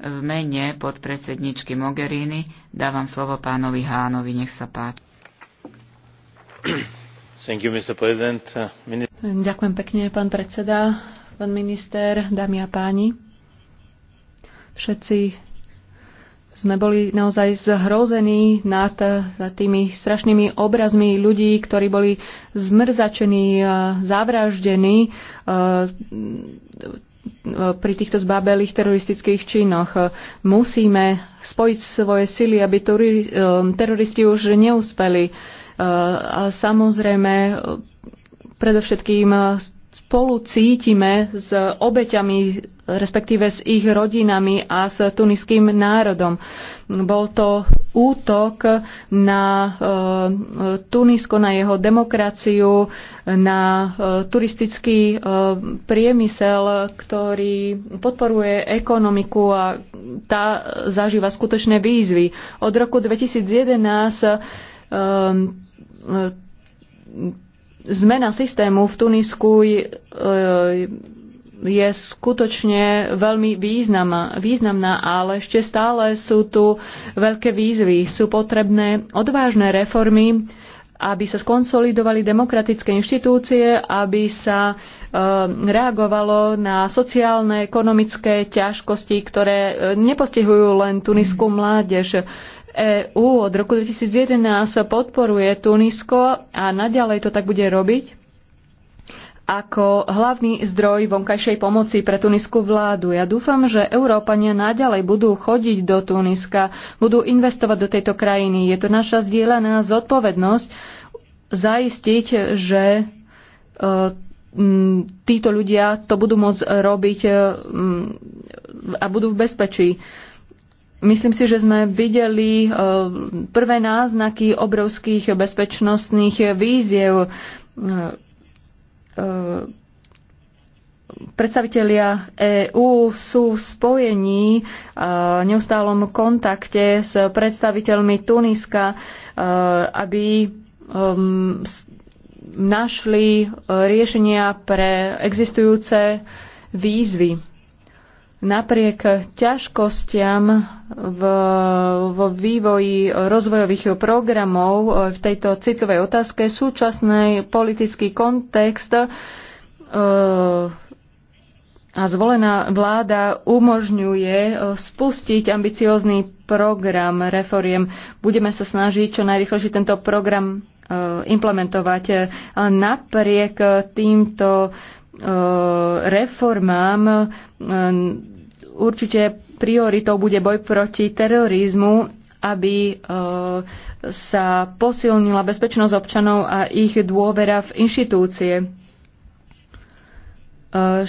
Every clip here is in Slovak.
V mene podpredsedničky Mogherini dávam slovo pánovi Hánovi, nech sa páči. You, Ďakujem pekne, pán predseda, pán minister, dámy a páni. Všetci sme boli naozaj zhrození nad tými strašnými obrazmi ľudí, ktorí boli zmrzačení, zavraždení pri týchto zbábelých teroristických činoch. Musíme spojiť svoje sily, aby eh, teroristi už neúspeli. Eh, a samozrejme, predovšetkým spolu cítime s obeťami, respektíve s ich rodinami a s tuniským národom. Bol to útok na eh, Tunisko, na jeho demokraciu, na eh, turistický eh, priemysel, ktorý podporuje ekonomiku a tá zažíva skutočné výzvy. Od roku 2011 zmena systému v Tunisku je skutočne veľmi významná, významná, ale ešte stále sú tu veľké výzvy. Sú potrebné odvážne reformy, aby sa skonsolidovali demokratické inštitúcie, aby sa e, reagovalo na sociálne, ekonomické ťažkosti, ktoré e, nepostihujú len tuniskú mládež. EÚ od roku 2011 podporuje Tunisko a naďalej to tak bude robiť ako hlavný zdroj vonkajšej pomoci pre tuniskú vládu. Ja dúfam, že Európania naďalej budú chodiť do Tuniska, budú investovať do tejto krajiny. Je to naša zdieľaná zodpovednosť zaistiť, že e, títo ľudia to budú môcť robiť e, a budú v bezpečí. Myslím si, že sme videli e, prvé náznaky obrovských bezpečnostných víziev E, predstavitelia EÚ sú spojení e, v neustálom kontakte s predstaviteľmi Tuniska, e, aby našli riešenia pre existujúce výzvy napriek ťažkostiam v, vo vývoji rozvojových programov e, v tejto citovej otázke súčasný politický kontext e, a zvolená vláda umožňuje e, spustiť ambiciózny program reforiem. Budeme sa snažiť čo najrychlejšie tento program implementovať. Napriek týmto reformám e, určite prioritou bude boj proti terorizmu, aby e, sa posilnila bezpečnosť občanov a ich dôvera v inštitúcie. E,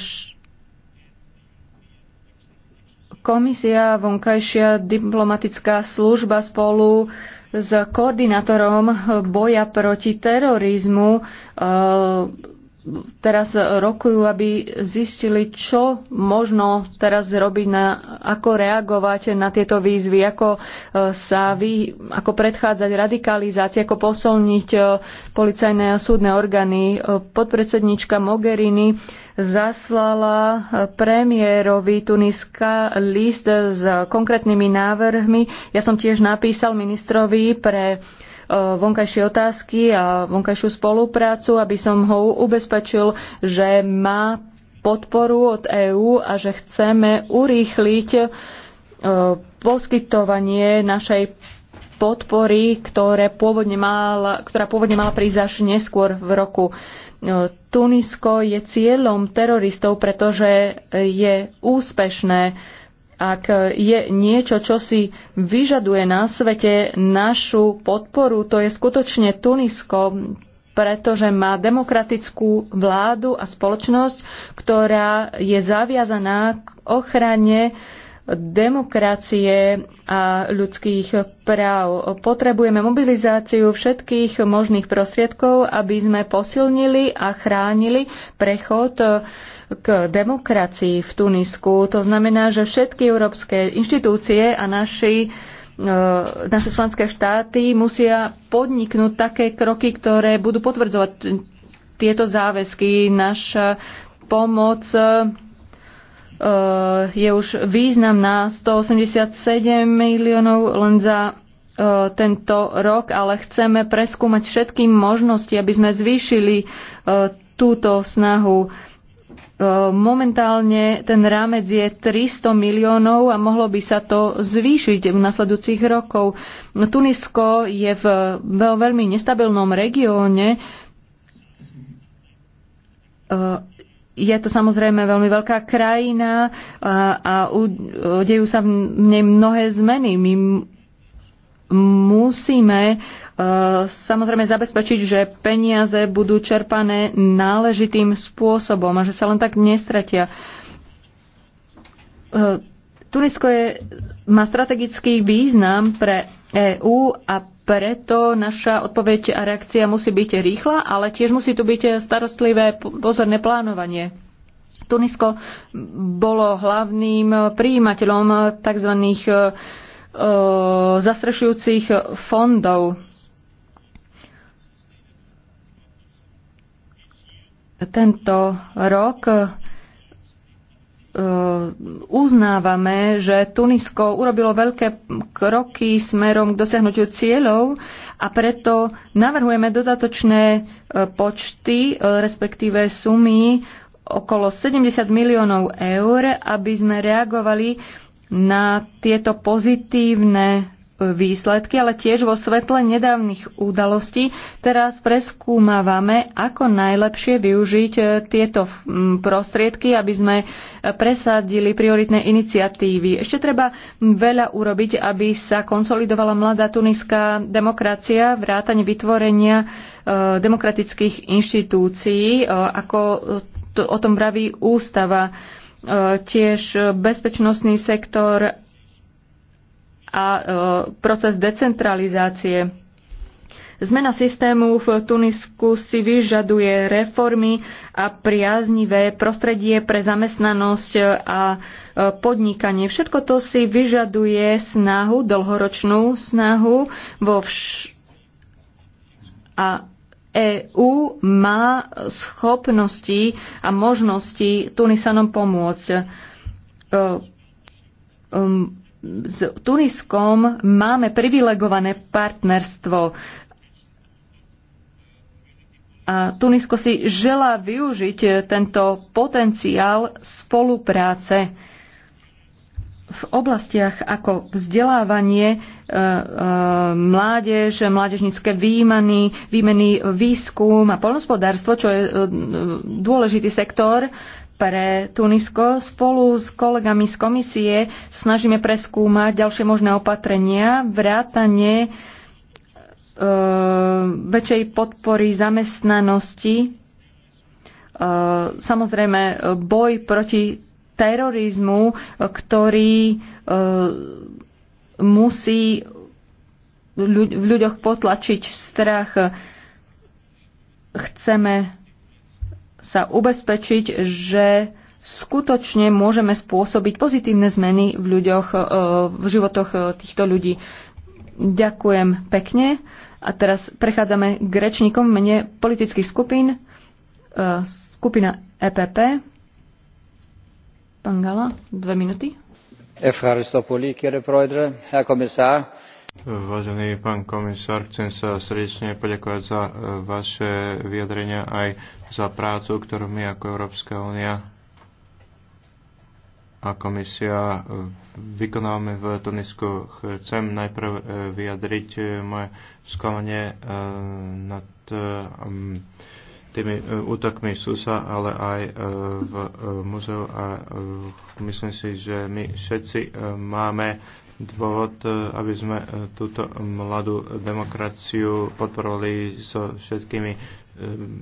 Komisia, vonkajšia diplomatická služba spolu s koordinátorom boja proti terorizmu teraz rokujú, aby zistili, čo možno teraz robiť, na, ako reagovať na tieto výzvy, ako e, sa vy, ako predchádzať radikalizácii, ako posolniť e, policajné a súdne orgány. E, podpredsednička Mogherini zaslala premiérovi Tuniska list s konkrétnymi návrhmi. Ja som tiež napísal ministrovi pre uh, E, vonkajšie otázky a vonkajšiu spoluprácu, aby som ho ubezpečil, že má podporu od EÚ a že chceme urýchliť e, poskytovanie našej podpory, ktoré pôvodne mala, ktorá pôvodne mala prísť až neskôr v roku. E, Tunisko je cieľom teroristov, pretože je úspešné ak je niečo, čo si vyžaduje na svete našu podporu, to je skutočne Tunisko, pretože má demokratickú vládu a spoločnosť, ktorá je zaviazaná k ochrane demokracie a ľudských práv. Potrebujeme mobilizáciu všetkých možných prostriedkov, aby sme posilnili a chránili prechod k demokracii v Tunisku. To znamená, že všetky európske inštitúcie a naši e, naše členské štáty musia podniknúť také kroky, ktoré budú potvrdzovať tieto záväzky. Naša pomoc e, je už významná 187 miliónov len za e, tento rok, ale chceme preskúmať všetky možnosti, aby sme zvýšili túto snahu. E, momentálne ten rámec je 300 miliónov a mohlo by sa to zvýšiť v nasledujúcich rokov. No, Tunisko je v veľmi nestabilnom regióne. E, je to samozrejme veľmi veľká krajina a, a e, dejú sa v nej mnohé zmeny. My musíme e, samozrejme zabezpečiť, že peniaze budú čerpané náležitým spôsobom a že sa len tak nestratia. E, Tunisko je, má strategický význam pre EÚ a preto naša odpoveď a reakcia musí byť rýchla, ale tiež musí tu byť starostlivé pozorné plánovanie. Tunisko bolo hlavným príjimateľom tzv Eh, zastrešujúcich fondov. Tento rok eh, uznávame, že Tunisko urobilo veľké kroky smerom k dosiahnutiu cieľov a preto navrhujeme dodatočné eh, počty, respektíve sumy okolo 70 miliónov eur, aby sme reagovali na tieto pozitívne e, výsledky, ale tiež vo svetle nedávnych udalostí teraz preskúmavame, ako najlepšie využiť e, tieto prostriedky, aby sme e, presadili prioritné iniciatívy. Ešte treba veľa urobiť, aby sa konsolidovala mladá tuniská demokracia, vrátanie vytvorenia demokratických inštitúcií, ako to, o tom vraví ústava E, tiež bezpečnostný sektor a e, proces decentralizácie. Zmena systému v Tunisku si vyžaduje reformy a priaznivé prostredie pre zamestnanosť a e, podnikanie. Všetko to si vyžaduje snahu, dlhoročnú snahu vo vš- a EÚ má schopnosti a možnosti Tunisanom pomôcť. E, um, s Tuniskom máme privilegované partnerstvo a Tunisko si želá využiť tento potenciál spolupráce v oblastiach ako vzdelávanie, e, e, mládež, mládežnické výmeny, výmeny výskum a polnospodárstvo, čo je e, dôležitý sektor pre Tunisko. Spolu s kolegami z komisie snažíme preskúmať ďalšie možné opatrenia, vrátanie väčšej podpory zamestnanosti, samozrejme boj proti terorizmu, e, ktorý e, musí v ľuďoch potlačiť strach. Chceme sa ubezpečiť, že skutočne môžeme spôsobiť pozitívne zmeny v ľuďoch, e, v životoch týchto ľudí. Ďakujem pekne. A teraz prechádzame k rečníkom mene politických skupín. Skupina EPP. Pán dve minúty. Vážený pán komisár, chcem sa srdečne poďakovať za e, vaše vyjadrenia aj za prácu, ktorú my ako Európska únia a komisia e, vykonávame v Tunisku. Chcem najprv e, vyjadriť moje sklamanie nad tými e, útokmi SUSA, ale aj e, v e, muzeu a myslím si, že my všetci máme dôvod, aby sme túto mladú demokraciu podporovali so všetkými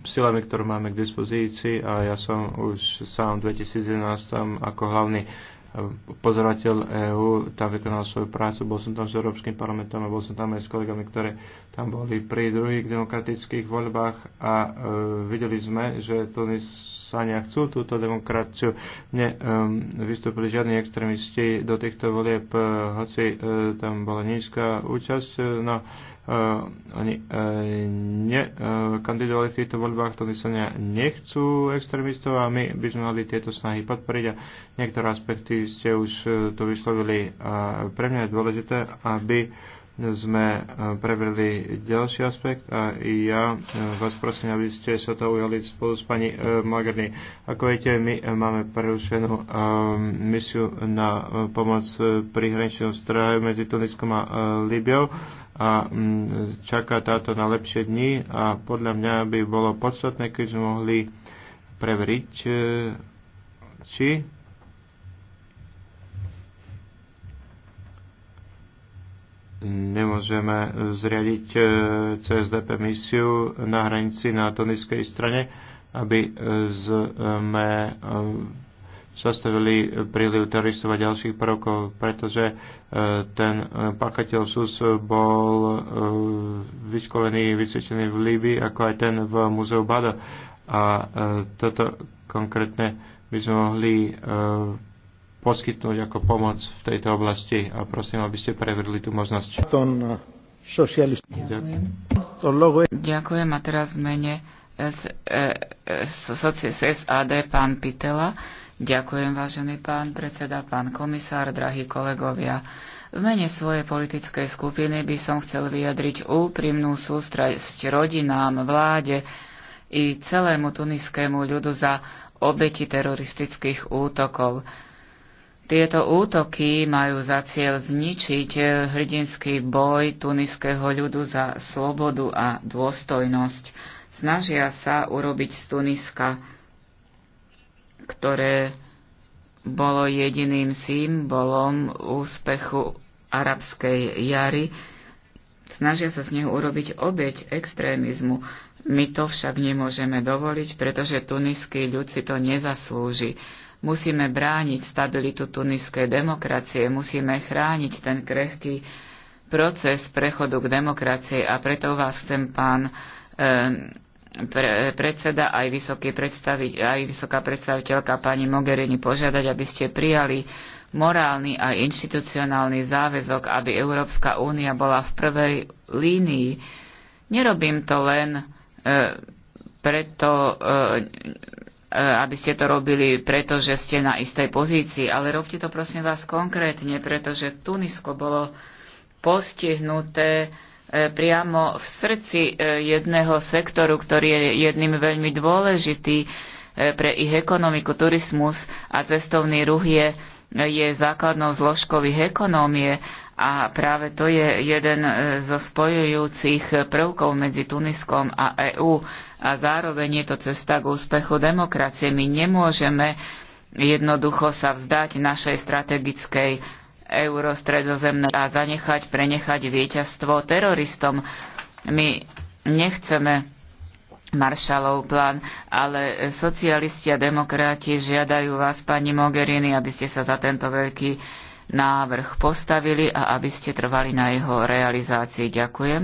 silami, ktoré máme k dispozícii a ja som už sám v 2011 ako hlavný pozorovateľ EÚ tam vykonal svoju prácu, bol som tam s Európskym parlamentom a bol som tam aj s kolegami, ktoré tam boli pri druhých demokratických voľbách a e, videli sme, že Tunis Sania chcú túto demokraciu. Ne, um, ehm, žiadni extrémisti do týchto volieb, eh, hoci uh, tam bola nízka účasť. Eh, no, uh, oni uh, nekandidovali uh, v týchto voľbách, to myslenia nechcú extrémistov a my by sme mali tieto snahy podporiť a niektoré aspekty ste už uh, to vyslovili. a pre mňa je dôležité, aby uh, sme e, prebrali ďalší aspekt a ja e, vás prosím, aby ste sa to ujali spolu s pani e, Magrny. Ako viete, my máme prerušenú misiu na pomoc pri hraničnom strahu medzi Tuniskom a Libiou a čaká táto na lepšie dni a podľa mňa by bolo podstatné, keď sme mohli preveriť, či nemôžeme zriadiť e, CSDP misiu na hranici na tuniskej strane, aby e, sme e, zastavili príliv teroristov a ďalších prvkov, pretože ten pachateľ SUS bol vyškolený, vysvedčený v Líbii, ako aj ten v Muzeu Bada. A toto konkrétne by sme mohli poskytnúť ako pomoc v tejto oblasti a prosím, aby ste prevedli tú možnosť. Uh, Ďakujem. Ďakujem a teraz v mene SAD e, e, pán Pitela. Ďakujem, vážený pán predseda, pán komisár, drahí kolegovia. V mene svojej politickej skupiny by som chcel vyjadriť úprimnú sústrasť rodinám, vláde i celému tuniskému ľudu za obeti teroristických útokov. Tieto útoky majú za cieľ zničiť eh, hrdinský boj tuniského ľudu za slobodu a dôstojnosť. Snažia sa urobiť z Tuniska, ktoré bolo jediným symbolom úspechu arabskej jary, snažia sa z neho urobiť obeď extrémizmu. My to však nemôžeme dovoliť, pretože tuniský ľud si to nezaslúži. Musíme brániť stabilitu tuniskej demokracie, musíme chrániť ten krehký proces prechodu k demokracii a preto vás chcem, pán e, pre, predseda, aj, vysoký predstavi, aj vysoká predstaviteľka pani Mogherini požiadať, aby ste prijali morálny a inštitucionálny záväzok, aby Európska únia bola v prvej línii. Nerobím to len e, preto, e, Eh, aby ste to robili, pretože ste na istej pozícii, ale robte to prosím vás konkrétne, pretože Tunisko bolo postihnuté eh, priamo v srdci eh, jedného sektoru, ktorý je jedným veľmi dôležitý pre ich ekonomiku. Turizmus a cestovný ruch je je základnou zložkou ich ekonómie a práve to je jeden e, zo spojujúcich prvkov medzi Tuniskom a EÚ a zároveň je to cesta k úspechu demokracie. My nemôžeme jednoducho sa vzdať našej strategickej eurostredozemnej a zanechať, prenechať vieťazstvo teroristom. My nechceme Maršalov plán, ale socialisti a demokrati žiadajú vás, pani Mogherini, aby ste sa za tento veľký návrh postavili a aby ste trvali na jeho realizácii. Ďakujem.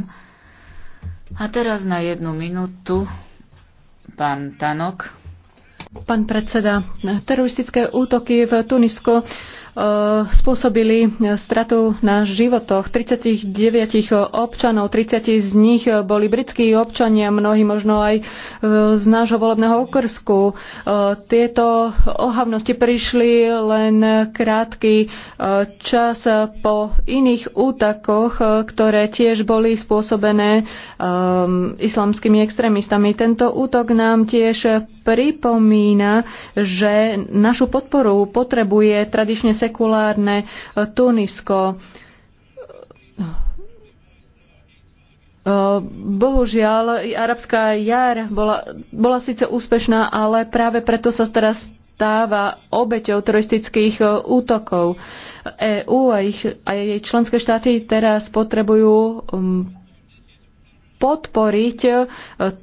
A teraz na jednu minútu pán Tanok. Pán predseda, teroristické útoky v Tunisku Eh, spôsobili stratu na životoch 39 občanov, 30 z nich boli britskí občania, mnohí možno aj eh, z nášho volebného okrsku. Eh, tieto ohavnosti prišli len krátky čas po iných útakoch, ktoré tiež boli spôsobené islamskými extrémistami. Tento útok nám tiež pripomína, že našu podporu potrebuje tradične sekulárne e, Tunisko. E, bohužiaľ, arabská jar bola, bola síce úspešná, ale práve preto sa teraz stáva obeťou teroristických e, útokov. EÚ a, ich, a jej členské štáty teraz potrebujú podporiť e,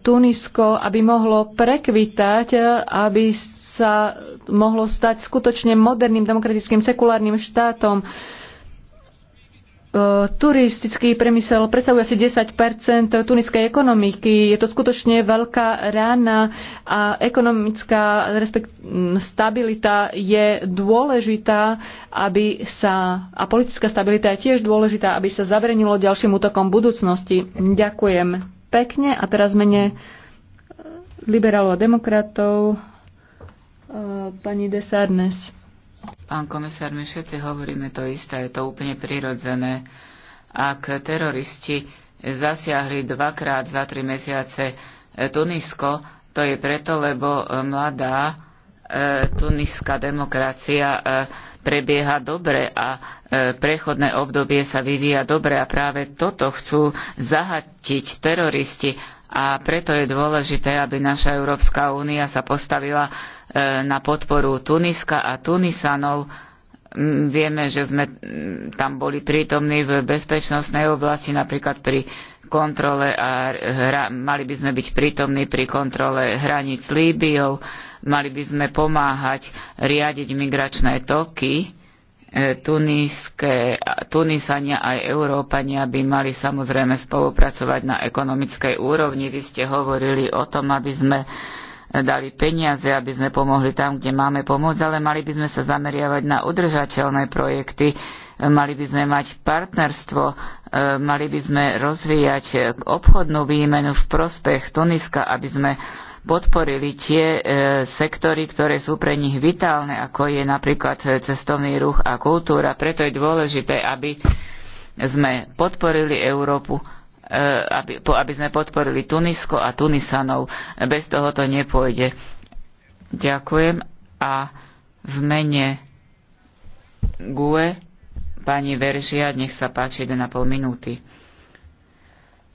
Tunisko, aby mohlo prekvitať, e, aby sa mohlo stať skutočne moderným, demokratickým, sekulárnym štátom. E, turistický priemysel predstavuje asi 10 tuniskej ekonomiky. Je to skutočne veľká rána a ekonomická respekt, stabilita je dôležitá, aby sa, a politická stabilita je tiež dôležitá, aby sa zabrenilo ďalším útokom budúcnosti. Ďakujem pekne a teraz mene e, liberálov a demokratov e, pani Desarnes. Pán komisár, my všetci hovoríme to isté, je to úplne prirodzené. Ak teroristi zasiahli dvakrát za tri mesiace e, Tunisko, to je preto, lebo e, mladá e, tuniská demokracia prebieha dobre a prechodné obdobie sa vyvíja dobre a práve toto chcú zahatiť teroristi a preto je dôležité, aby naša Európska únia sa postavila e, na podporu Tuniska a Tunisanov. Vieme, že sme tam boli prítomní v bezpečnostnej oblasti, napríklad pri kontrole a hra, mali by sme byť prítomní pri kontrole hraníc Líbiou, mali by sme pomáhať riadiť migračné toky Tuniské, Tunisania aj Európania by mali samozrejme spolupracovať na ekonomickej úrovni. Vy ste hovorili o tom, aby sme dali peniaze, aby sme pomohli tam, kde máme pomôcť, ale mali by sme sa zameriavať na udržateľné projekty, mali by sme mať partnerstvo, mali by sme rozvíjať obchodnú výmenu v prospech Tuniska, aby sme podporili tie e, sektory, ktoré sú pre nich vitálne, ako je napríklad cestovný ruch a kultúra. Preto je dôležité, aby sme podporili Európu, e, aby, po, aby sme podporili Tunisko a Tunisanov. Bez toho to nepôjde. Ďakujem a v mene GUE pani Veržia, nech sa páči 1,5 minúty.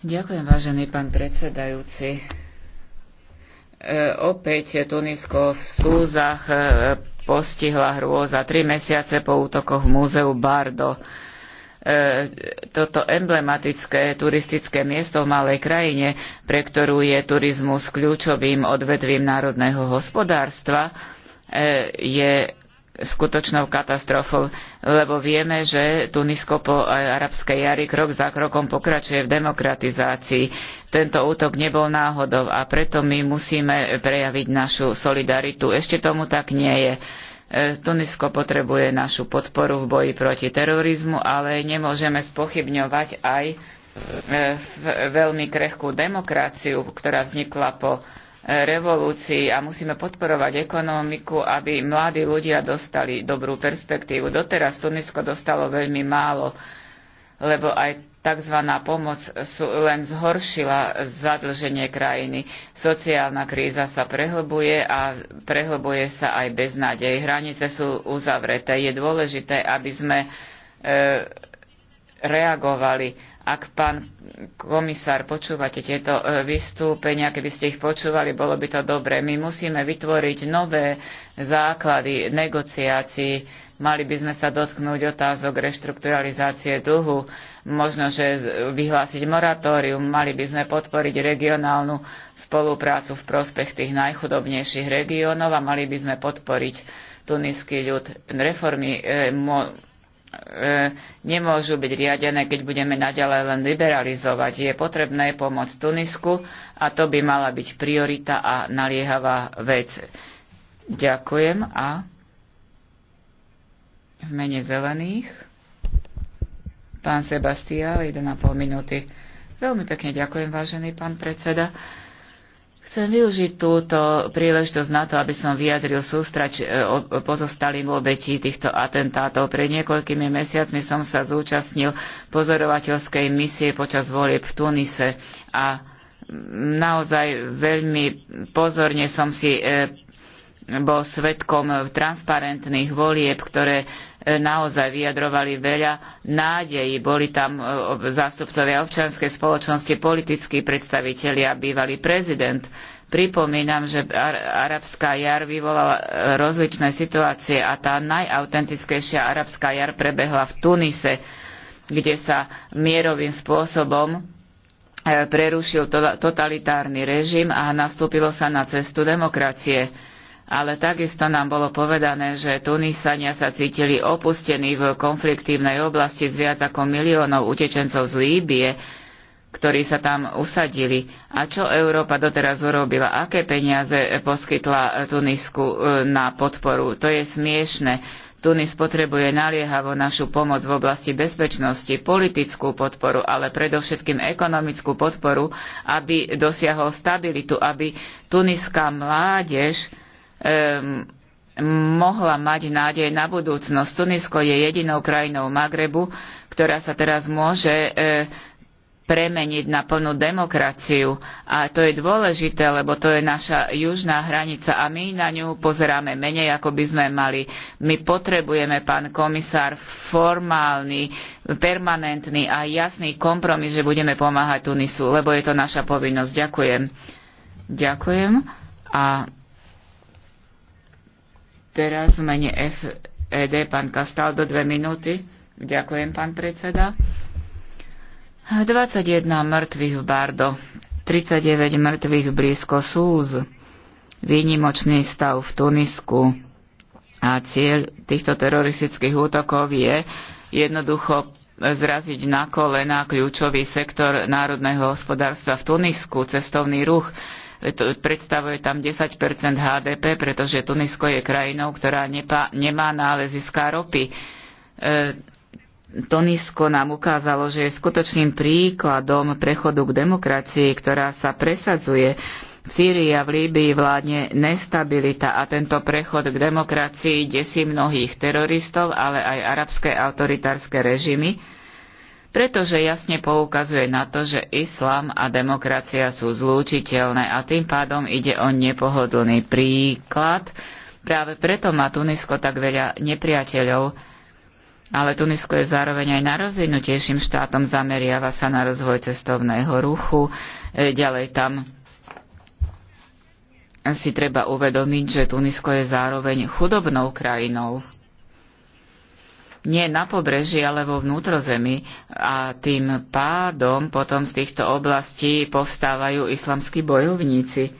Ďakujem, vážený pán predsedajúci. E, opäť Tunisko v súzach e, postihla hrôza tri mesiace po útokoch v múzeu Bardo. E, toto emblematické turistické miesto v malej krajine, pre ktorú je turizmus kľúčovým odvetvím národného hospodárstva, je skutočnou katastrofou, lebo vieme, že Tunisko po arabskej jari krok za krokom pokračuje v demokratizácii. Tento útok nebol náhodou a preto my musíme prejaviť našu solidaritu. Ešte tomu tak nie je. E, Tunisko potrebuje našu podporu v boji proti terorizmu, ale nemôžeme spochybňovať aj e, veľmi krehkú demokraciu, ktorá vznikla po revolúcii a musíme podporovať ekonomiku, aby mladí ľudia dostali dobrú perspektívu. Doteraz Tunisko dostalo veľmi málo, lebo aj tzv. pomoc len zhoršila zadlženie krajiny. Sociálna kríza sa prehlbuje a prehlbuje sa aj beznádej. Hranice sú uzavreté. Je dôležité, aby sme e, reagovali ak pán komisár počúvate tieto e, vystúpenia, keby ste ich počúvali, bolo by to dobré. My musíme vytvoriť nové základy negociácií. Mali by sme sa dotknúť otázok reštrukturalizácie dlhu, možno, že vyhlásiť moratórium, mali by sme podporiť regionálnu spoluprácu v prospech tých najchudobnejších regiónov a mali by sme podporiť tuniský ľud. Reformy e, E, nemôžu byť riadené, keď budeme naďalej len liberalizovať. Je potrebné pomôcť Tunisku a to by mala byť priorita a naliehavá vec. Ďakujem a v mene zelených pán Sebastián, 1,5 minúty. Veľmi pekne ďakujem, vážený pán predseda. Chcem využiť túto príležitosť na to, aby som vyjadril sústrať e, pozostalým obetí týchto atentátov. Pred niekoľkými mesiacmi som sa zúčastnil pozorovateľskej misie počas volieb v Tunise a naozaj veľmi pozorne som si e, bol svetkom transparentných volieb, ktoré e, naozaj vyjadrovali veľa nádejí. Boli tam e, zástupcovia občianskej spoločnosti, politickí predstavitelia, bývalý prezident. Pripomínam, že arabská jar vyvolala e, rozličné situácie a tá najautentickejšia arabská jar prebehla v Tunise, kde sa mierovým spôsobom prerušil tota-, totalitárny režim a nastúpilo sa na cestu demokracie ale takisto nám bolo povedané, že Tunisania sa cítili opustení v konfliktívnej oblasti s viac ako miliónov utečencov z Líbie, ktorí sa tam usadili. A čo Európa doteraz urobila? Aké peniaze poskytla Tunisku e, na podporu? To je smiešne. Tunis potrebuje naliehavo našu pomoc v oblasti bezpečnosti, politickú podporu, ale predovšetkým ekonomickú podporu, aby dosiahol stabilitu, aby tuniská mládež Ehm, mohla mať nádej na budúcnosť. Tunisko je jedinou krajinou Magrebu, ktorá sa teraz môže e, premeniť na plnú demokraciu. A to je dôležité, lebo to je naša južná hranica a my na ňu pozeráme menej, ako by sme mali. My potrebujeme, pán komisár, formálny, permanentný a jasný kompromis, že budeme pomáhať Tunisu, lebo je to naša povinnosť. Ďakujem. Ďakujem. A Teraz v mene FED pán Kastal do dve minúty. Ďakujem, pán predseda. 21 mŕtvych v Bardo, 39 mŕtvych blízko Súz, výnimočný stav v Tunisku a cieľ týchto teroristických útokov je jednoducho zraziť na kolena kľúčový sektor národného hospodárstva v Tunisku, cestovný ruch predstavuje tam 10 HDP, pretože Tunisko je krajinou, ktorá nepa, nemá náleziska ropy. E, Tunisko nám ukázalo, že je skutočným príkladom prechodu k demokracii, ktorá sa presadzuje. V Sýrii a v Líbii vládne nestabilita a tento prechod k demokracii desí mnohých teroristov, ale aj arabské autoritárske režimy, pretože jasne poukazuje na to, že islám a demokracia sú zlúčiteľné a tým pádom ide o nepohodlný príklad. Práve preto má Tunisko tak veľa nepriateľov, ale Tunisko je zároveň aj najrozvinutejším štátom, zameriava sa na rozvoj cestovného ruchu, e, ďalej tam si treba uvedomiť, že Tunisko je zároveň chudobnou krajinou nie na pobreží, ale vo vnútrozemi a tým pádom potom z týchto oblastí povstávajú islamskí bojovníci.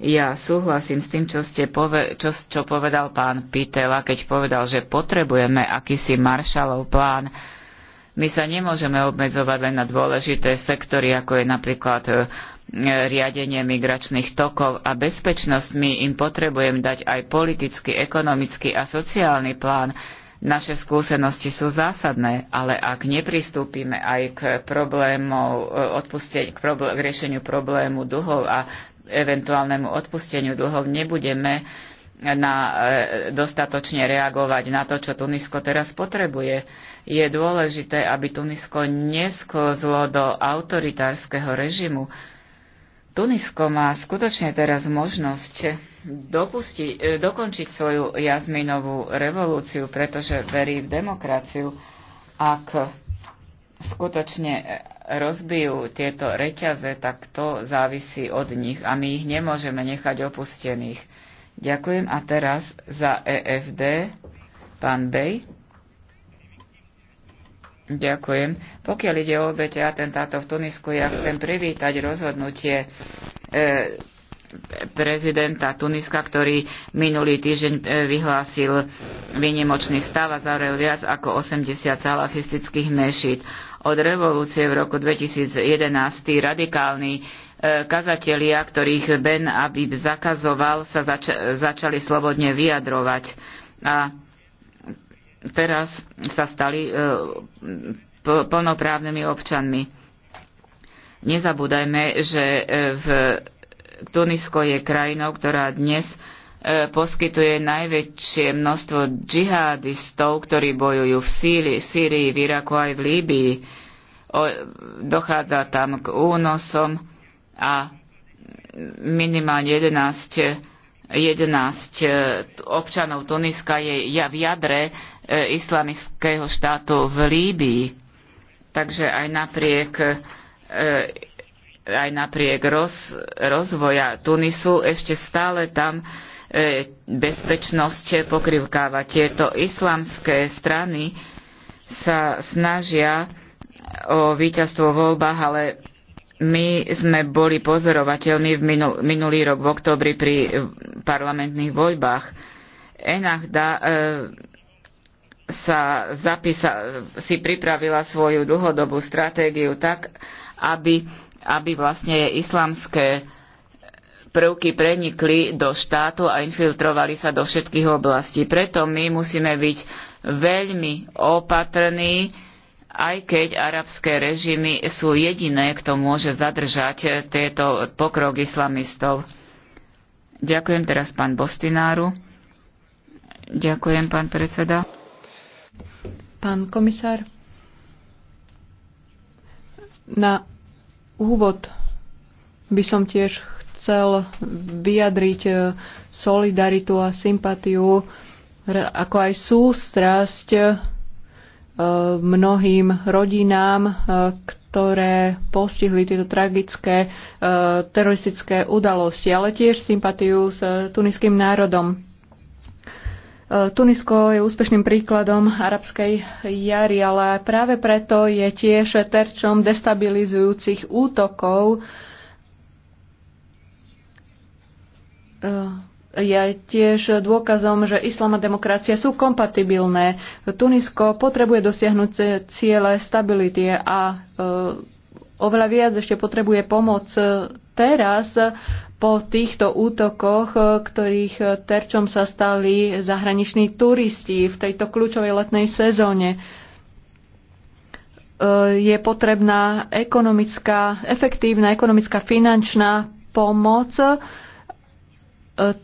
Ja súhlasím s tým, čo, ste pove- čo, čo povedal pán Pitela, keď povedal, že potrebujeme akýsi maršalov plán. My sa nemôžeme obmedzovať len na dôležité sektory, ako je napríklad e, riadenie migračných tokov a bezpečnosť. My im potrebujem dať aj politický, ekonomický a sociálny plán. Naše skúsenosti sú zásadné, ale ak nepristúpime aj k, problémov, e, k, probl- k riešeniu problému dlhov a eventuálnemu odpusteniu dlhov, nebudeme na, e, dostatočne reagovať na to, čo Tunisko teraz potrebuje. Je dôležité, aby Tunisko nesklzlo do autoritárskeho režimu, Tunisko má skutočne teraz možnosť dopusti, e, dokončiť svoju jazminovú revolúciu, pretože verí v demokraciu. Ak skutočne rozbijú tieto reťaze, tak to závisí od nich a my ich nemôžeme nechať opustených. Ďakujem a teraz za EFD pán Bej. Ďakujem. Pokiaľ ide o obete atentátov v Tunisku, ja chcem privítať rozhodnutie e, prezidenta Tuniska, ktorý minulý týždeň e, vyhlásil vynimočný stav a zavrel viac ako 80 salafistických mešít. Od revolúcie v roku 2011 tí radikálni e, kazatelia, ktorých Ben Abib zakazoval, sa zača- začali slobodne vyjadrovať. A teraz sa stali e, plnoprávnymi občanmi. Nezabúdajme, že e, v Tunisko je krajinou, ktorá dnes e, poskytuje najväčšie množstvo džihadistov, ktorí bojujú v Sýrii, v, Sýrii, v Iraku aj v Líbii. O, dochádza tam k únosom a minimálne 11 11 e, občanov Tuniska je v jadre e, islamského štátu v Líbii. Takže aj napriek, e, aj napriek roz, rozvoja Tunisu ešte stále tam bezpečnosť pokrivkáva. Tieto islamské strany sa snažia o víťazstvo vo voľbách, ale my sme boli pozorovateľmi v minul, minulý rok v oktobri pri parlamentných voľbách. Enachda e, sa zapísa, si pripravila svoju dlhodobú stratégiu tak, aby, aby vlastne islamské prvky prenikli do štátu a infiltrovali sa do všetkých oblastí. Preto my musíme byť veľmi opatrní, aj keď arabské režimy sú jediné, kto môže zadržať tieto pokrok islamistov. Ďakujem teraz pán Bostináru. Ďakujem, pán predseda. Pán komisár, na úvod by som tiež chcel vyjadriť solidaritu a sympatiu, ako aj sústrasť mnohým rodinám, e, ktoré postihli tieto tragické e, teroristické udalosti, ale tiež sympatiu s tuniským národom. E, Tunisko je úspešným príkladom arabskej jary, ale práve preto je tiež terčom destabilizujúcich útokov je tiež dôkazom, že islám a demokracia sú kompatibilné. Tunisko potrebuje dosiahnuť ciele stability a e, oveľa viac ešte potrebuje pomoc e, teraz po týchto útokoch, e, ktorých terčom sa stali zahraniční turisti v tejto kľúčovej letnej sezóne je potrebná ekonomická, efektívna ekonomická finančná pomoc,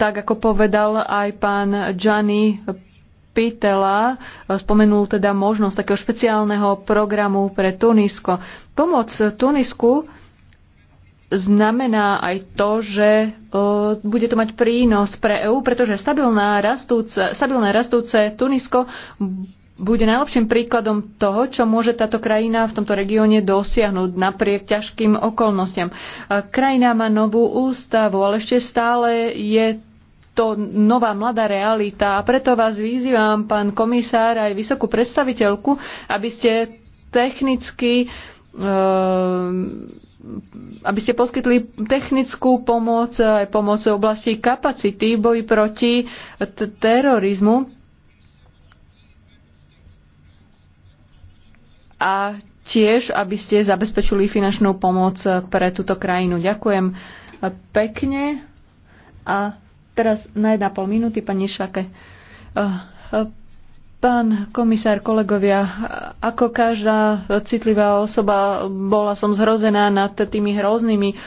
tak ako povedal aj pán Gianni Pitela, spomenul teda možnosť takého špeciálneho programu pre Tunisko. Pomoc Tunisku znamená aj to, že e, bude to mať prínos pre EÚ, pretože stabilná rastúce, stabilné rastúce Tunisko bude najlepším príkladom toho, čo môže táto krajina v tomto regióne dosiahnuť napriek ťažkým okolnostiam. Krajina má novú ústavu, ale ešte stále je to nová mladá realita a preto vás vyzývam, pán komisár, aj vysokú predstaviteľku, aby ste technicky ehm, aby ste poskytli technickú pomoc aj pomoc v oblasti kapacity boji proti terorizmu a tiež, aby ste zabezpečili finančnú pomoc pre túto krajinu. Ďakujem pekne. A teraz na pol minúty, pani Šake. Eh, pán komisár, kolegovia, ako každá citlivá osoba bola som zhrozená nad tými hroznými eh,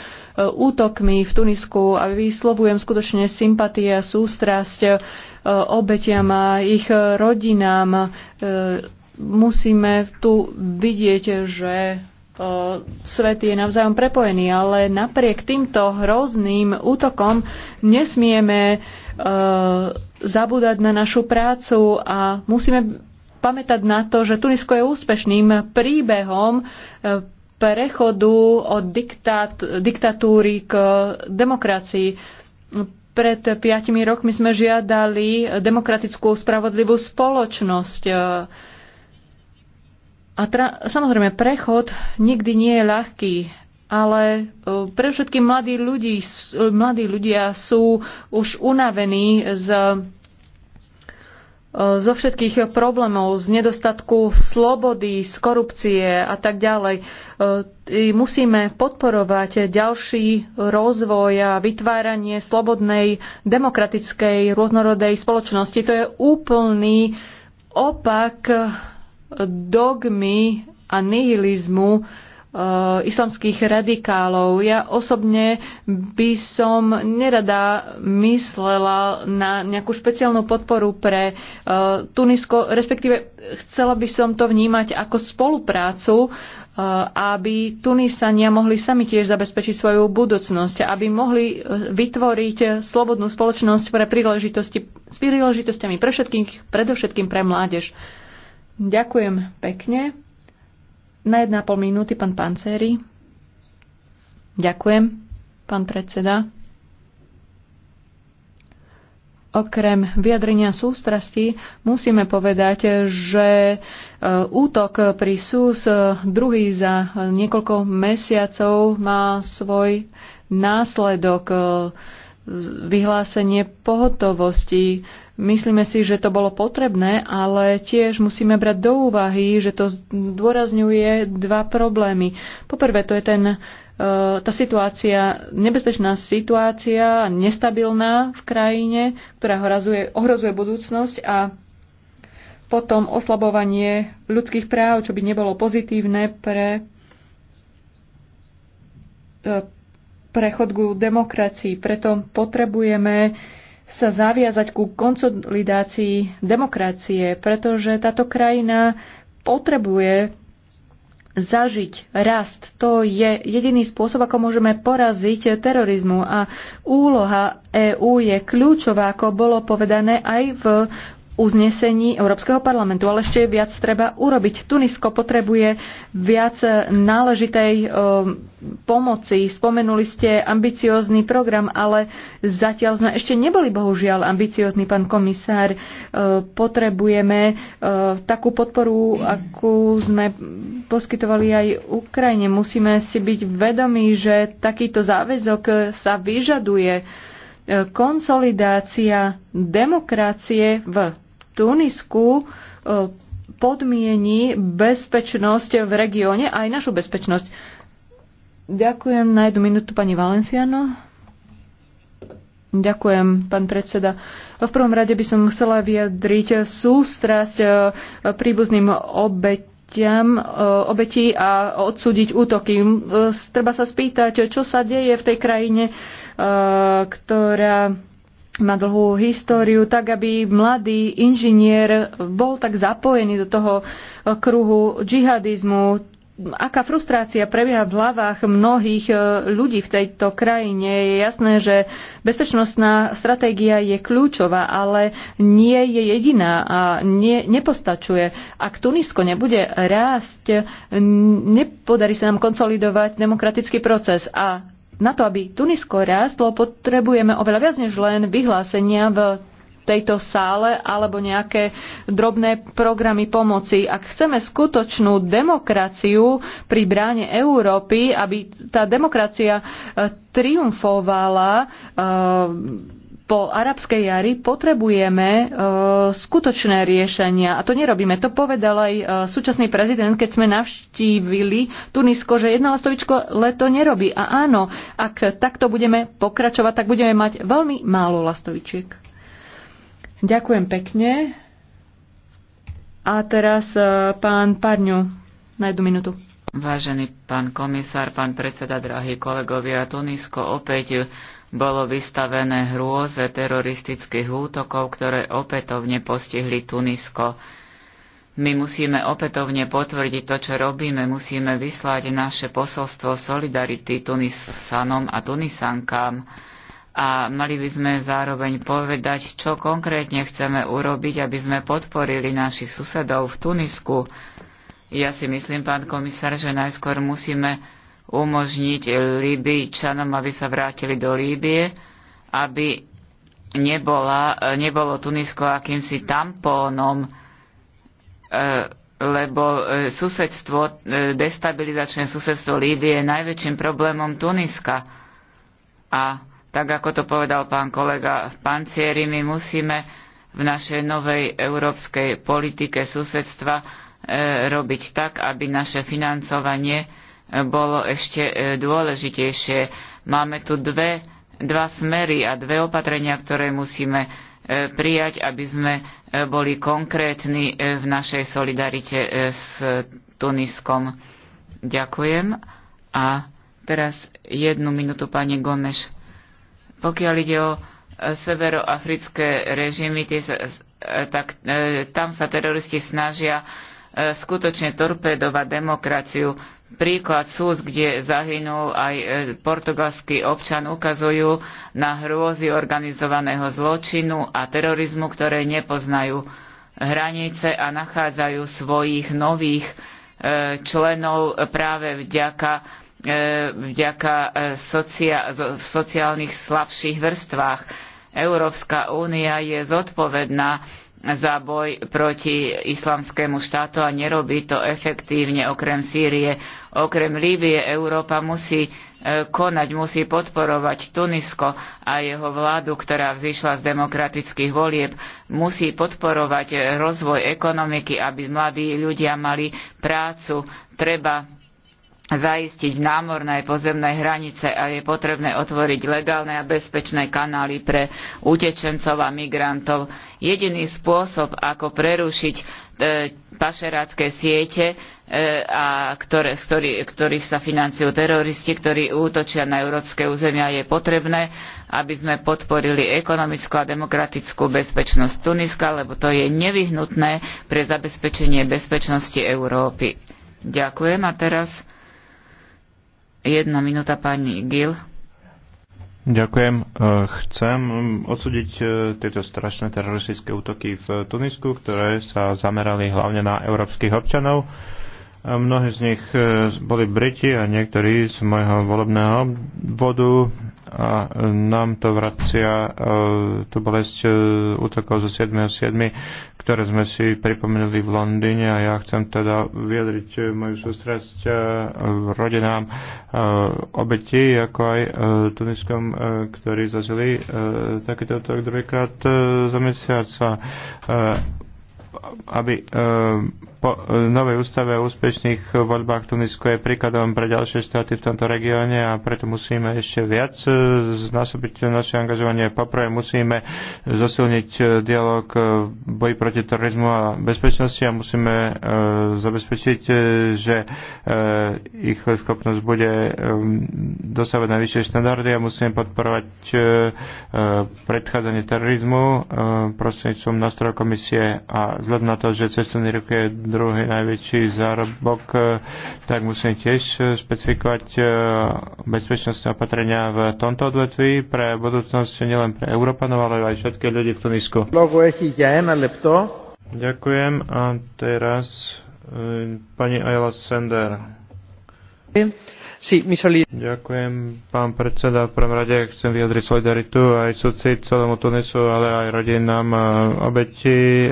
útokmi v Tunisku a vyslovujem skutočne sympatie a sústrasť eh, obetiam a ich rodinám musíme tu vidieť, že e, svet je navzájom prepojený, ale napriek týmto hrozným útokom nesmieme e, zabúdať na našu prácu a musíme pamätať na to, že Tunisko je úspešným príbehom e, prechodu od diktát, diktatúry k demokracii. Pred piatimi rokmi sme žiadali demokratickú spravodlivú spoločnosť a tra- samozrejme, prechod nikdy nie je ľahký, ale e, pre všetky mladí, ľudí, e, mladí ľudia sú už unavení z e, zo všetkých problémov, z nedostatku slobody, z korupcie a tak ďalej. Musíme podporovať ďalší rozvoj a vytváranie slobodnej, demokratickej, rôznorodej spoločnosti. To je úplný opak dogmy a nihilizmu e, islamských radikálov. Ja osobne by som nerada myslela na nejakú špeciálnu podporu pre e, Tunisko, respektíve chcela by som to vnímať ako spoluprácu, e, aby Tunisania mohli sami tiež zabezpečiť svoju budúcnosť, aby mohli vytvoriť slobodnú spoločnosť pre príležitosti, s príležitostiami pre všetkých, predovšetkým pre mládež. Ďakujem pekne. Na 1,5 minúty pán Pancéry. Ďakujem, pán predseda. Okrem vyjadrenia sústrasti musíme povedať, že e, útok pri SUS e, druhý za niekoľko mesiacov má svoj následok. E, vyhlásenie pohotovosti. Myslíme si, že to bolo potrebné, ale tiež musíme brať do úvahy, že to zdôrazňuje dva problémy. Poprvé, to je ten, e, tá situácia, nebezpečná situácia, nestabilná v krajine, ktorá ohrozuje, ohrozuje budúcnosť a potom oslabovanie ľudských práv, čo by nebolo pozitívne pre e, prechod ku demokracii. Preto potrebujeme sa zaviazať ku konsolidácii demokracie, pretože táto krajina potrebuje zažiť rast. To je jediný spôsob, ako môžeme poraziť terorizmu a úloha EÚ je kľúčová, ako bolo povedané aj v uznesení Európskeho parlamentu, ale ešte viac treba urobiť. Tunisko potrebuje viac náležitej eh, pomoci. Spomenuli ste ambiciózny program, ale zatiaľ sme ešte neboli bohužiaľ ambiciózny, pán komisár. Eh, potrebujeme eh, takú podporu, akú sme poskytovali aj Ukrajine. Musíme si byť vedomí, že takýto záväzok sa vyžaduje konsolidácia demokracie v Tunisku e, podmieni bezpečnosť v regióne aj našu bezpečnosť. Ďakujem na jednu minútu pani Valenciano. Ďakujem, pán predseda. V prvom rade by som chcela vyjadriť sústrasť e, príbuzným obetiam, e, obetí a odsúdiť útoky. Treba sa spýtať, čo sa deje v tej krajine, ktorá má dlhú históriu, tak aby mladý inžinier bol tak zapojený do toho kruhu džihadizmu. Aká frustrácia prebieha v hlavách mnohých e, ľudí v tejto krajine. Je jasné, že bezpečnostná stratégia je kľúčová, ale nie je jediná a nie, nepostačuje. Ak Tunisko nebude rásť, nepodarí sa nám konsolidovať demokratický proces. A na to, aby Tunisko rástlo, potrebujeme oveľa viac než len vyhlásenia v tejto sále alebo nejaké drobné programy pomoci. Ak chceme skutočnú demokraciu pri bráne Európy, aby tá demokracia eh, triumfovala, eh, po arabskej jari potrebujeme e, skutočné riešenia. A to nerobíme. To povedal aj e, súčasný prezident, keď sme navštívili Tunisko, že jedna lastovičko leto nerobí. A áno, ak takto budeme pokračovať, tak budeme mať veľmi málo lastovičiek. Ďakujem pekne. A teraz e, pán Parňu na jednu minútu. Vážený pán komisár, pán predseda, drahí kolegovia, Tunisko opäť bolo vystavené hrôze teroristických útokov, ktoré opätovne postihli Tunisko. My musíme opätovne potvrdiť to, čo robíme. Musíme vyslať naše posolstvo solidarity Tunisanom a Tunisankám. A mali by sme zároveň povedať, čo konkrétne chceme urobiť, aby sme podporili našich susedov v Tunisku. Ja si myslím, pán komisár, že najskôr musíme umožniť Líbyčanom, aby sa vrátili do Líbie, aby nebola, nebolo Tunisko akýmsi tampónom, e, lebo e, susedstvo, e, destabilizačné susedstvo Líbie je najväčším problémom Tuniska. A tak ako to povedal pán kolega Pancieri, my musíme v našej novej európskej politike susedstva robiť tak, aby naše financovanie bolo ešte e, dôležitejšie. Máme tu dve, dva smery a dve opatrenia, ktoré musíme e, prijať, aby sme e, boli konkrétni v našej solidarite s Tuniskom. Ďakujem. A teraz jednu minútu pani Gomeš. Pokiaľ ide o severoafrické režimy, tie sa, tak, tam sa teroristi snažia E, skutočne torpédovať demokraciu. Príklad súz, kde zahynul aj e, portugalský občan, ukazujú na hrôzy organizovaného zločinu a terorizmu, ktoré nepoznajú hranice a nachádzajú svojich nových e, členov práve vďaka, vďaka socia, v sociálnych slabších vrstvách. Európska únia je zodpovedná za boj proti islamskému štátu a nerobí to efektívne okrem Sýrie. Okrem Líbie Európa musí e, konať, musí podporovať Tunisko a jeho vládu, ktorá vzýšla z demokratických volieb, musí podporovať rozvoj ekonomiky, aby mladí ľudia mali prácu. Treba zaistiť námorné pozemné hranice a je potrebné otvoriť legálne a bezpečné kanály pre utečencov a migrantov. Jediný spôsob, ako prerušiť e, pašerácké siete, e, a ktoré, z ktorý, ktorých sa financujú teroristi, ktorí útočia na európske územia, je potrebné, aby sme podporili ekonomickú a demokratickú bezpečnosť Tuniska, lebo to je nevyhnutné pre zabezpečenie bezpečnosti Európy. Ďakujem a teraz Jedna minúta pani Gil. Ďakujem. E, chcem odsúdiť e, tieto strašné teroristické útoky v Tunisku, ktoré sa zamerali hlavne na európskych občanov Mnohí z nich e, boli Briti a niektorí z môjho volebného vodu a e, nám to vracia e, tú bolesť útokov zo 7.7., ktoré sme si pripomenuli v Londýne a ja chcem teda vyjadriť moju sústrasť rodinám obetí, ako aj tuniskom, ktorí zažili takýto útok druhýkrát za mesiaca aby po novej ústave o úspešných voľbách Tunisko je príkladom pre ďalšie štáty v tomto regióne a preto musíme ešte viac e, znásobiť naše angažovanie. Poprvé musíme zosilniť e, dialog e, v boji proti terorizmu a bezpečnosti a musíme zabezpečiť, že ich schopnosť bude dosávať na vyššie štandardy a musíme podporovať predchádzanie terorizmu prostredníctvom nástrojov komisie a vzhľadom na to, že cestovný ruch je druhý najväčší zárobok, e, tak musíme tiež e, špecifikovať e, bezpečnostné opatrenia v tomto odvetví pre budúcnosť nielen pre Európanov, ale aj všetky ľudí v Tunisku. Ďakujem a teraz pani Ayala Sender. Ďakujem Sí, mi Ďakujem, pán predseda. V prvom rade chcem vyjadriť solidaritu aj súcit celému Tunisu, ale aj rodinám obeti, e,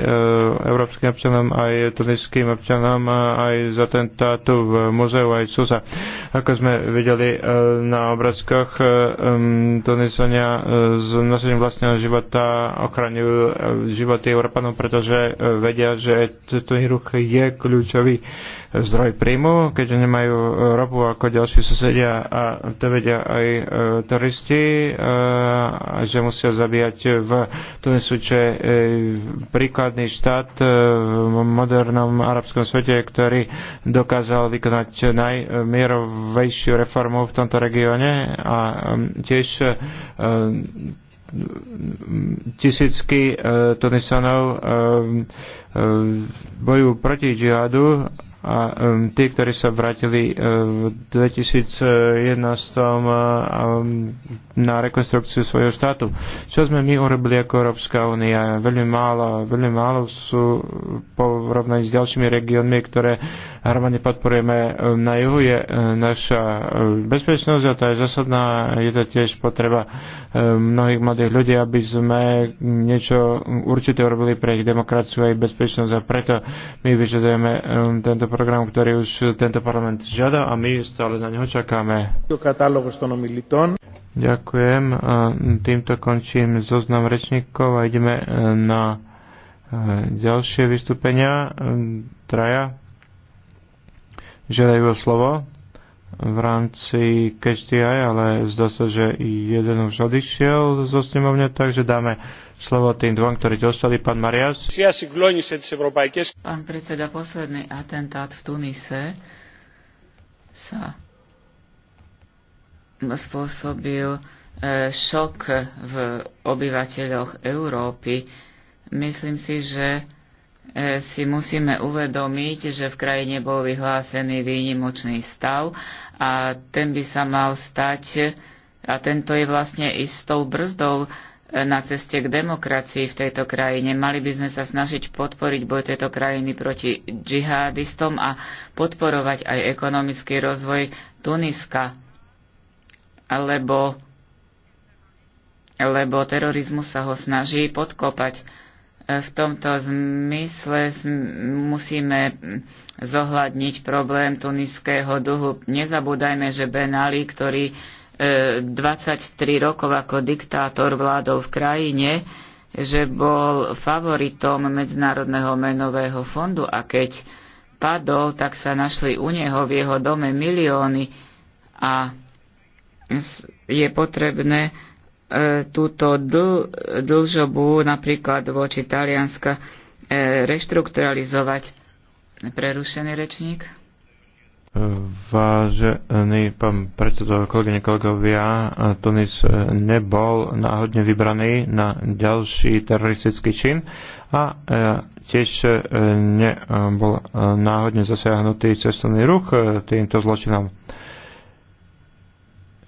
európskym občanom, aj tuniským občanom, aj za ten tátu v muzeu, aj Susa. Ako sme videli e, na obrázkoch e, Tunisania s nosením vlastného života ochraňujú životy Európanov, pretože vedia, že ten ruch je kľúčový zdroj príjmu, keďže nemajú ropu ako ďalší susedia a to vedia aj e, turisti, e, že musia zabíjať v Tunisu, čo je e, príkladný štát e, v modernom arabskom svete, ktorý dokázal vykonať najmierovejšiu reformu v tomto regióne a e, tiež e, tisícky e, Tunisanov e, e, bojujú proti džihadu a um, tí, ktorí sa vrátili uh, v 2011 um, eh, na rekonstrukciu svojho štátu. Čo sme my urobili ako Európska únia? Veľmi málo, veľmi málo sú porovnaní s ďalšími regiónmi, ktoré hromadne podporujeme. Na juhu je eh, naša bezpečnosť a to je zásadná. Je to tiež potreba mnohých mladých ľudí, aby sme niečo určite urobili pre ich demokraciu a ich bezpečnosť a preto my vyžadujeme tento do programu, ktorý už tento parlament žiada a my stále na neho čakáme. Ďakujem. Týmto končím zoznam rečníkov a ideme e, na e, ďalšie vystúpenia. E, traja. Želajú slovo v rámci KSTI, ale zdá sa, že jeden už odišiel zo snemovne, takže dáme slovo tým dvom, ktorí ostali. Pán Marias. Pán predseda, posledný atentát v Tunise sa spôsobil e, šok v obyvateľoch Európy. Myslím si, že E, si musíme uvedomiť, že v krajine bol vyhlásený výnimočný stav a ten by sa mal stať a tento je vlastne istou brzdou e, na ceste k demokracii v tejto krajine. Mali by sme sa snažiť podporiť boj tejto krajiny proti džihadistom a podporovať aj ekonomický rozvoj Tuniska, lebo, lebo terorizmus sa ho snaží podkopať v tomto zmysle musíme zohľadniť problém tuniského dlhu. Nezabúdajme, že Ben Ali, ktorý 23 e, rokov ako diktátor vládol v krajine, že bol favoritom Medzinárodného menového fondu a keď padol, tak sa našli u neho v jeho dome milióny a je potrebné E, túto dl, dlžobu napríklad voči Talianska e, reštrukturalizovať. Prerušený rečník. Vážený pán predseda, kolegyne, kolegovia, Tunis nebol náhodne vybraný na ďalší teroristický čin a e, tiež nebol náhodne zasiahnutý cestovný ruch týmto zločinom.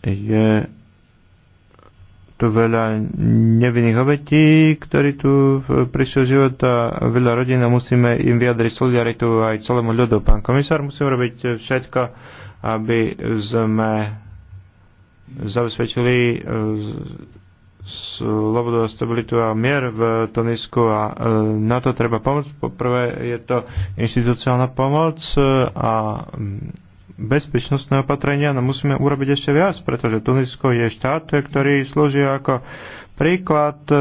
Je tu veľa nevinných obetí, ktorí tu prišli život a veľa rodín a musíme im vyjadriť solidaritu aj celému ľudu. Pán komisár, musíme robiť všetko, aby sme zabezpečili eh, slobodu a stabilitu a mier v Tunisku a eh, na to treba pomôcť. Poprvé je to inštitucionálna pomoc eh, a mm, bezpečnostné opatrenia, no musíme urobiť ešte viac, pretože Tunisko je štát, ktorý slúži ako príklad e, e,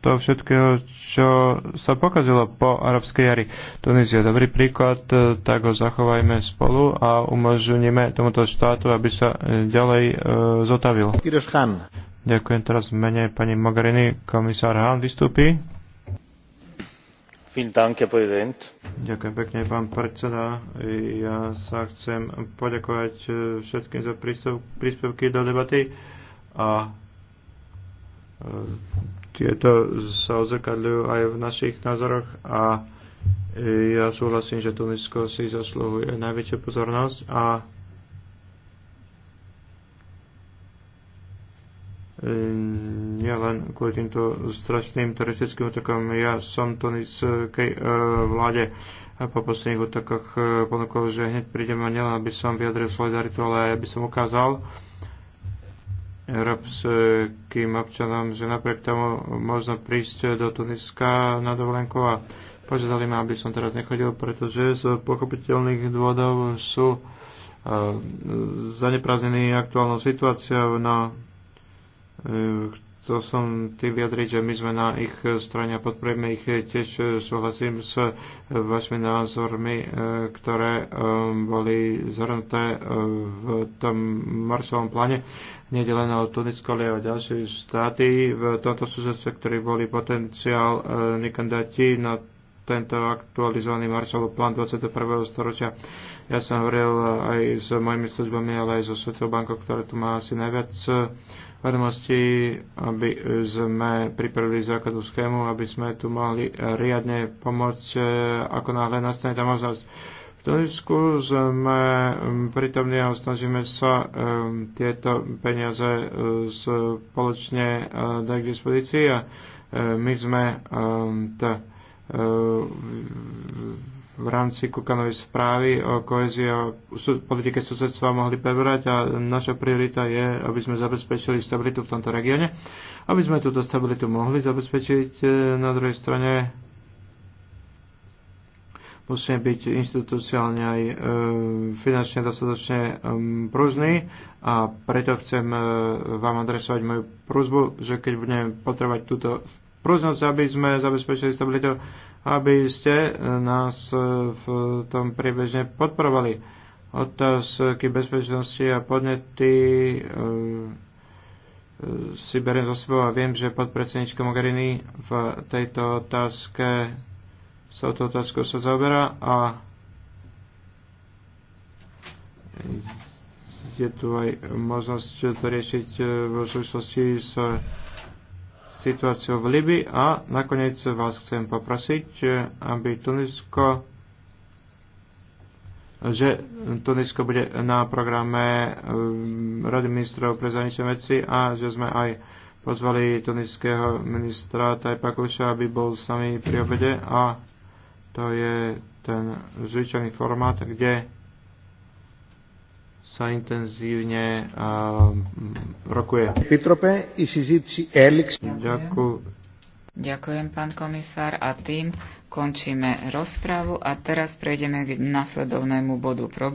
toho všetkého, čo sa pokazilo po arabskej jari. Tunis je dobrý príklad, e, tak ho zachovajme spolu a umožníme tomuto štátu, aby sa ďalej e, zotavil. Ďakujem teraz menej mene pani Mogherini. Komisár Hahn vystúpi. Ďakujem pekne, pán predseda. Ja sa chcem poďakovať e, všetkým za príspevky do debaty a e, tieto sa ozrkadľujú aj v našich názoroch a e, ja súhlasím, že Tunisko si zasluhuje najväčšiu pozornosť a E, len kvôli týmto strašným teroristickým útokom. Ja som tuniskej e, vláde a po posledných útokoch e, ponúkol, že hneď prídem a nielen, aby som vyjadril solidaritu, ale aj aby som ukázal európskym občanom, že napriek tomu možno prísť do Tuniska na dovolenku a požiadali ma, aby som teraz nechodil, pretože z pochopiteľných dôvodov sú zaneprázdnení aktuálnou situáciou na no Ehm, chcel som tým vyjadriť, že my sme na ich strane a podporujeme ich. Tiež eh, súhlasím s eh, vašimi názormi, eh, ktoré ehm, boli zhrnuté v tom maršovom pláne. Nedelené od o Tunisko, ale o ďalšie štáty v tomto susedstve, ktorí boli potenciál kandidáti na tento aktualizovaný Marshallov plán 21. storočia. Ja som hovoril aj s mojimi službami, ale aj so Svetou bankou, ktoré tu má asi najviac vedomosti, aby sme pripravili základnú schému, aby sme tu mohli riadne pomôcť, e, ako náhle nastane tá možnosť. V Tunisku sme prítomní a snažíme sa e, tieto peniaze e, spoločne dať k dispozícii a my sme to v rámci Kukanovej správy o kohezii a politike susedstva mohli prebrať a naša priorita je, aby sme zabezpečili stabilitu v tomto regióne. Aby sme túto stabilitu mohli zabezpečiť, e, na druhej strane musíme byť institucionálne aj e, finančne dostatočne e, prúzny a preto chcem e, vám adresovať moju prúzbu, že keď budeme potrebovať túto prúznosť, aby sme zabezpečili stabilitu, aby ste e, nás e, v tom priebežne podporovali. Otázky bezpečnosti a podnety e, si beriem zo sebou a viem, že podpredsednička Mogherini v tejto otázke sa touto otázkou sa zaoberá a je tu aj možnosť to riešiť v súvislosti s situáciu v Libii a nakoniec vás chcem poprosiť, eh, aby Tunisko že Tunisko bude na programe eh, Rady ministrov pre zahraničné veci a že sme aj pozvali tuniského ministra Tajpa Kuša, aby bol s nami pri obede a to je ten zvyčajný formát, kde sa intenzívne uh, rokuje. Pitrope, i Elix. Ďakujem. Ďakujem, pán komisár. A tým končíme rozprávu a teraz prejdeme k nasledovnému bodu programu.